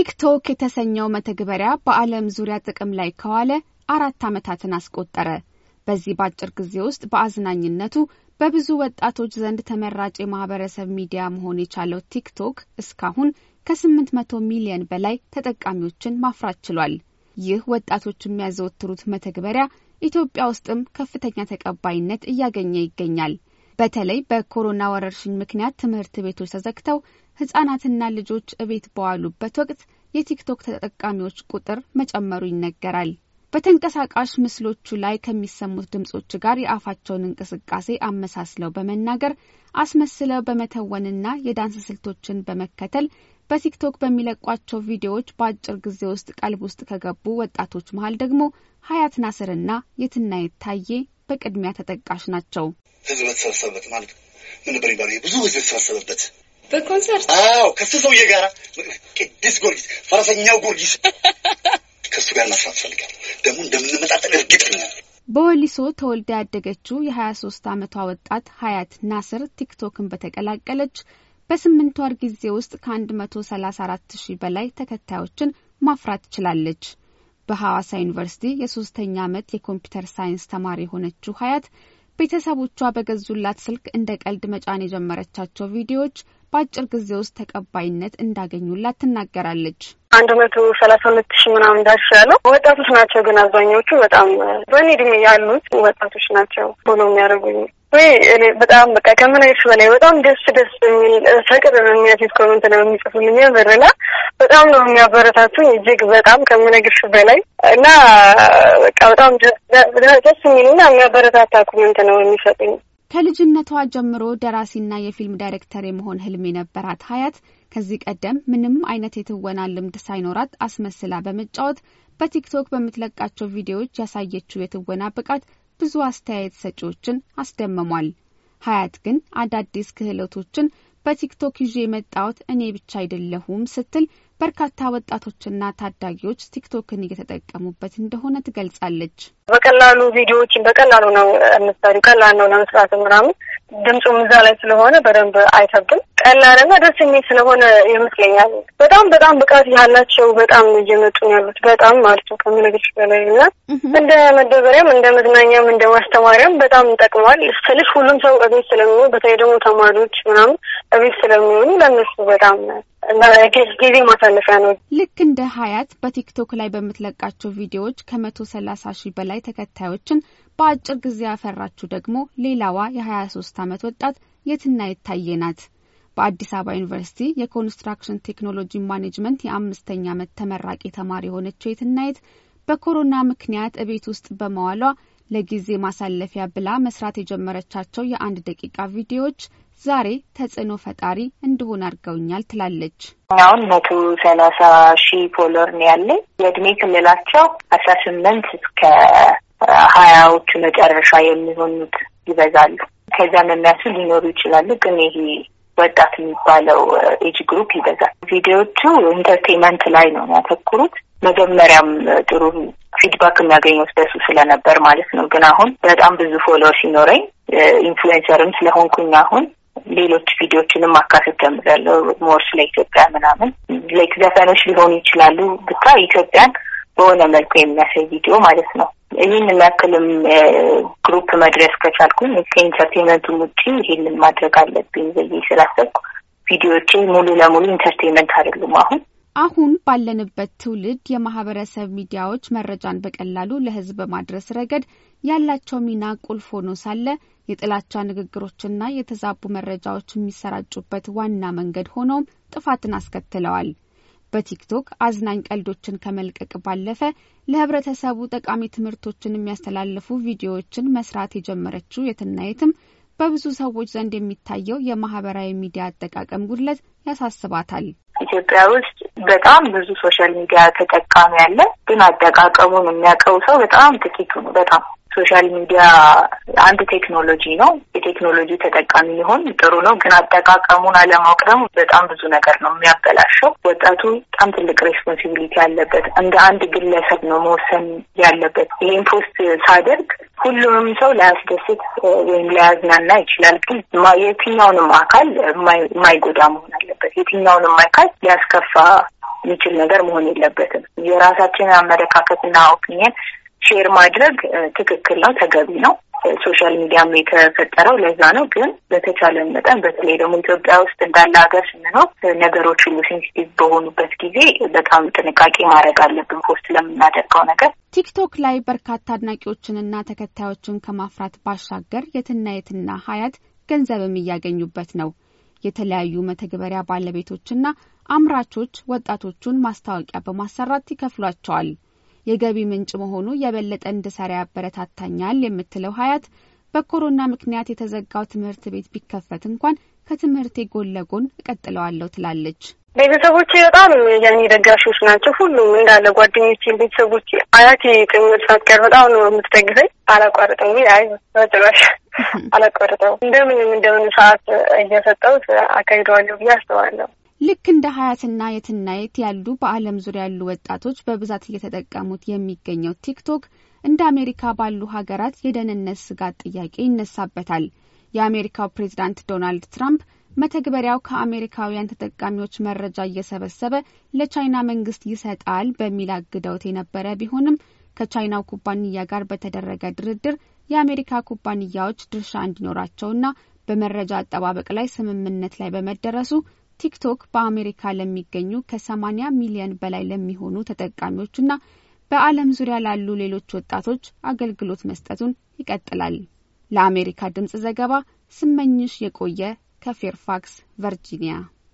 ቲክቶክ የተሰኘው መተግበሪያ በዓለም ዙሪያ ጥቅም ላይ ከዋለ አራት ዓመታትን አስቆጠረ። በዚህ በአጭር ጊዜ ውስጥ በአዝናኝነቱ በብዙ ወጣቶች ዘንድ ተመራጭ የማህበረሰብ ሚዲያ መሆን የቻለው ቲክቶክ እስካሁን ከ800 ሚሊዮን በላይ ተጠቃሚዎችን ማፍራት ችሏል። ይህ ወጣቶች የሚያዘወትሩት መተግበሪያ ኢትዮጵያ ውስጥም ከፍተኛ ተቀባይነት እያገኘ ይገኛል። በተለይ በኮሮና ወረርሽኝ ምክንያት ትምህርት ቤቶች ተዘግተው ህጻናትና ልጆች እቤት በዋሉበት ወቅት የቲክቶክ ተጠቃሚዎች ቁጥር መጨመሩ ይነገራል። በተንቀሳቃሽ ምስሎቹ ላይ ከሚሰሙት ድምጾች ጋር የአፋቸውን እንቅስቃሴ አመሳስለው በመናገር አስመስለው በመተወንና የዳንስ ስልቶችን በመከተል በቲክቶክ በሚለቋቸው ቪዲዮዎች በአጭር ጊዜ ውስጥ ቀልብ ውስጥ ከገቡ ወጣቶች መሀል ደግሞ ሀያት ናስርና የትና የታዬ በቅድሚያ ተጠቃሽ ናቸው። ህዝብ በተሰበሰበበት ማለት ምን ነበር ብዙ ህዝብ የተሰበሰበበት በኮንሰርት አዎ፣ ከሱ ሰውዬ ጋራ ቅዱስ ጊዮርጊስ ፈረሰኛው ጊዮርጊስ ከሱ ጋር መስራት ፈልጋለሁ። ደግሞ እንደምንመጣጠን እርግጠኛ በወሊሶ ተወልዳ ያደገችው የ23 ዓመቷ ወጣት ሀያት ናስር ቲክቶክን በተቀላቀለች በስምንት ወር ጊዜ ውስጥ ከ134 ሺህ በላይ ተከታዮችን ማፍራት ችላለች። በሐዋሳ ዩኒቨርሲቲ የሶስተኛ ዓመት የኮምፒውተር ሳይንስ ተማሪ የሆነችው ሀያት ቤተሰቦቿ በገዙላት ስልክ እንደ ቀልድ መጫን የጀመረቻቸው ቪዲዮዎች በአጭር ጊዜ ውስጥ ተቀባይነት እንዳገኙላት ትናገራለች። አንድ መቶ ሰላሳ ሁለት ሺህ ምናምን ዳሽ ያለው ወጣቶች ናቸው። ግን አብዛኞቹ በጣም በእኔ እድሜ ያሉት ወጣቶች ናቸው ሆኖ የሚያደርጉኝ ወይ እኔ በጣም በቃ ከምን አይነት በላይ በጣም ደስ ደስ የሚል ፍቅር የሚያፊት ኮመንት ነው የሚጽፉልኝ። በረላ በጣም ነው የሚያበረታቱኝ እጅግ በጣም ከምነግርሽ በላይ እና በቃ በጣም ደስ የሚል የሚልና የሚያበረታታ ኮመንት ነው የሚሰጡኝ። ከልጅነቷ ጀምሮ ደራሲና የፊልም ዳይሬክተር የመሆን ህልም የነበራት ሀያት ከዚህ ቀደም ምንም አይነት የትወና ልምድ ሳይኖራት አስመስላ በመጫወት በቲክቶክ በምትለቃቸው ቪዲዮዎች ያሳየችው የትወና ብቃት ብዙ አስተያየት ሰጪዎችን አስደምሟል። ሀያት ግን አዳዲስ ክህሎቶችን በቲክቶክ ይዤ የመጣሁት እኔ ብቻ አይደለሁም ስትል በርካታ ወጣቶችና ታዳጊዎች ቲክቶክን እየተጠቀሙበት እንደሆነ ትገልጻለች። በቀላሉ ቪዲዮዎችን በቀላሉ ነው የምትሰሪው፣ ቀላል ነው ለመስራት ምናምን ድምፁም እዛ ላይ ስለሆነ በደንብ አይከብድም። ቀላል እና ደስ የሚል ስለሆነ ይመስለኛል። በጣም በጣም ብቃት ያላቸው በጣም እየመጡ ነው ያሉት በጣም ማለት ነው ከምነግርሽ በላይ እና እንደ መደበሪያም እንደ መዝናኛም እንደ ማስተማሪያም በጣም ጠቅሟል ስልሽ ሁሉም ሰው እቤት ስለሚሆን በተለይ ደግሞ ተማሪዎች ምናምን እቤት ስለሚሆኑ ለእነሱ በጣም ጊዜ ማሳለፊያ ነው። ልክ እንደ ሀያት በቲክቶክ ላይ በምትለቃቸው ቪዲዮዎች ከመቶ ሰላሳ ሺህ በላይ ተከታዮችን በአጭር ጊዜ ያፈራችሁ ደግሞ ሌላዋ የሀያ ሶስት አመት ወጣት የትና የታየናት። በአዲስ አበባ ዩኒቨርሲቲ የኮንስትራክሽን ቴክኖሎጂ ማኔጅመንት የአምስተኛ ዓመት ተመራቂ ተማሪ የሆነችው የትናየት በኮሮና ምክንያት እቤት ውስጥ በመዋሏ ለጊዜ ማሳለፊያ ብላ መስራት የጀመረቻቸው የአንድ ደቂቃ ቪዲዮዎች ዛሬ ተጽዕኖ ፈጣሪ እንደሆነ አድርገውኛል ትላለች። አሁን መቶ ሰላሳ ሺህ ፎሎወር ነው ያለኝ። የእድሜ ክልላቸው አስራ ስምንት እስከ ሀያዎቹ መጨረሻ የሚሆኑት ይበዛሉ። ከዚያም የሚያሱ ሊኖሩ ይችላሉ። ግን ይሄ ወጣት የሚባለው ኤጅ ግሩፕ ይበዛል። ቪዲዮዎቹ ኢንተርቴንመንት ላይ ነው ያተኩሩት። መጀመሪያም ጥሩ ፊድባክ የሚያገኘው በሱ ስለነበር ማለት ነው። ግን አሁን በጣም ብዙ ፎሎወር ሲኖረኝ ኢንፍሉዌንሰርም ስለሆንኩኝ አሁን ሌሎች ቪዲዮችንም ማካተት ጀምሬያለሁ። ሞር ስለ ኢትዮጵያ ምናምን ላይክ ዘፈኖች ሊሆኑ ይችላሉ። ብቻ ኢትዮጵያን በሆነ መልኩ የሚያሳይ ቪዲዮ ማለት ነው። ይህን የሚያክልም ግሩፕ መድረስ ከቻልኩኝ ከኢንተርቴንመንቱ ውጭ ይህንን ማድረግ አለብኝ ብዬ ስላሰብኩ ቪዲዮዎቼ ሙሉ ለሙሉ ኢንተርቴንመንት አይደሉም አሁን አሁን ባለንበት ትውልድ የማህበረሰብ ሚዲያዎች መረጃን በቀላሉ ለህዝብ በማድረስ ረገድ ያላቸው ሚና ቁልፍ ሆኖ ሳለ የጥላቻ ንግግሮችና የተዛቡ መረጃዎች የሚሰራጩበት ዋና መንገድ ሆነውም ጥፋትን አስከትለዋል። በቲክቶክ አዝናኝ ቀልዶችን ከመልቀቅ ባለፈ ለህብረተሰቡ ጠቃሚ ትምህርቶችን የሚያስተላልፉ ቪዲዮዎችን መስራት የጀመረችው የትናየትም በብዙ ሰዎች ዘንድ የሚታየው የማህበራዊ ሚዲያ አጠቃቀም ጉድለት ያሳስባታል። ኢትዮጵያ ውስጥ በጣም ብዙ ሶሻል ሚዲያ ተጠቃሚ ያለ፣ ግን አጠቃቀሙን የሚያውቀው ሰው በጣም ጥቂቱ ነው። በጣም ሶሻል ሚዲያ አንድ ቴክኖሎጂ ነው። የቴክኖሎጂ ተጠቃሚ ሊሆን ጥሩ ነው፣ ግን አጠቃቀሙን አለማወቅ ደግሞ በጣም ብዙ ነገር ነው የሚያበላሸው። ወጣቱ በጣም ትልቅ ሬስፖንሲቢሊቲ ያለበት እንደ አንድ ግለሰብ ነው መወሰን ያለበት። ይህን ፖስት ሳደርግ ሁሉንም ሰው ላያስደስት ወይም ላያዝናና ይችላል፣ ግን የትኛውንም አካል የማይጎዳ መሆን አለበት። የትኛውንም አካል ሊያስከፋ የሚችል ነገር መሆን የለበትም። የራሳችንን አመለካከትና ኦፒኒየን ሼር ማድረግ ትክክል ነው፣ ተገቢ ነው። ሶሻል ሚዲያም የተፈጠረው ለዛ ነው። ግን በተቻለ መጠን በተለይ ደግሞ ኢትዮጵያ ውስጥ እንዳለ ሀገር ስንኖር ነገሮች ሁሉ ሴንሲቲቭ በሆኑበት ጊዜ በጣም ጥንቃቄ ማድረግ አለብን ፖስት ለምናደርገው ነገር። ቲክቶክ ላይ በርካታ አድናቂዎችንና ተከታዮችን ከማፍራት ባሻገር የትናየትና ሀያት ገንዘብም እያገኙበት ነው። የተለያዩ መተግበሪያ ባለቤቶችና አምራቾች ወጣቶቹን ማስታወቂያ በማሰራት ይከፍሏቸዋል። የገቢ ምንጭ መሆኑ የበለጠ እንድሰራ ያበረታታኛል የምትለው ሀያት በኮሮና ምክንያት የተዘጋው ትምህርት ቤት ቢከፈት እንኳን ከትምህርቴ ጎን ለጎን እቀጥለዋለሁ ትላለች። ቤተሰቦቼ በጣም የኔ ደጋሾች ናቸው። ሁሉም እንዳለ ጓደኞቼ፣ ቤተሰቦች፣ አያቴ ጭምር ሳትቀር በጣም ነው የምትደግፈኝ። አላቋርጥም ግ አይ በጭራሽ አላቋርጠው እንደምንም እንደምን ሰዓት እየሰጠሁት አካሂደዋለሁ ብዬ አስባለሁ። ልክ እንደ ሀያትና የትናየት ያሉ በዓለም ዙሪያ ያሉ ወጣቶች በብዛት እየተጠቀሙት የሚገኘው ቲክቶክ እንደ አሜሪካ ባሉ ሀገራት የደህንነት ስጋት ጥያቄ ይነሳበታል። የአሜሪካው ፕሬዚዳንት ዶናልድ ትራምፕ መተግበሪያው ከአሜሪካውያን ተጠቃሚዎች መረጃ እየሰበሰበ ለቻይና መንግስት ይሰጣል በሚል አግደውት የነበረ ቢሆንም ከቻይናው ኩባንያ ጋር በተደረገ ድርድር የአሜሪካ ኩባንያዎች ድርሻ እንዲኖራቸውና በመረጃ አጠባበቅ ላይ ስምምነት ላይ በመደረሱ ቲክቶክ በአሜሪካ ለሚገኙ ከ80 ሚሊዮን በላይ ለሚሆኑ ተጠቃሚዎችና በዓለም ዙሪያ ላሉ ሌሎች ወጣቶች አገልግሎት መስጠቱን ይቀጥላል። ለአሜሪካ ድምጽ ዘገባ ስመኝሽ የቆየ ከፌርፋክስ ቨርጂኒያ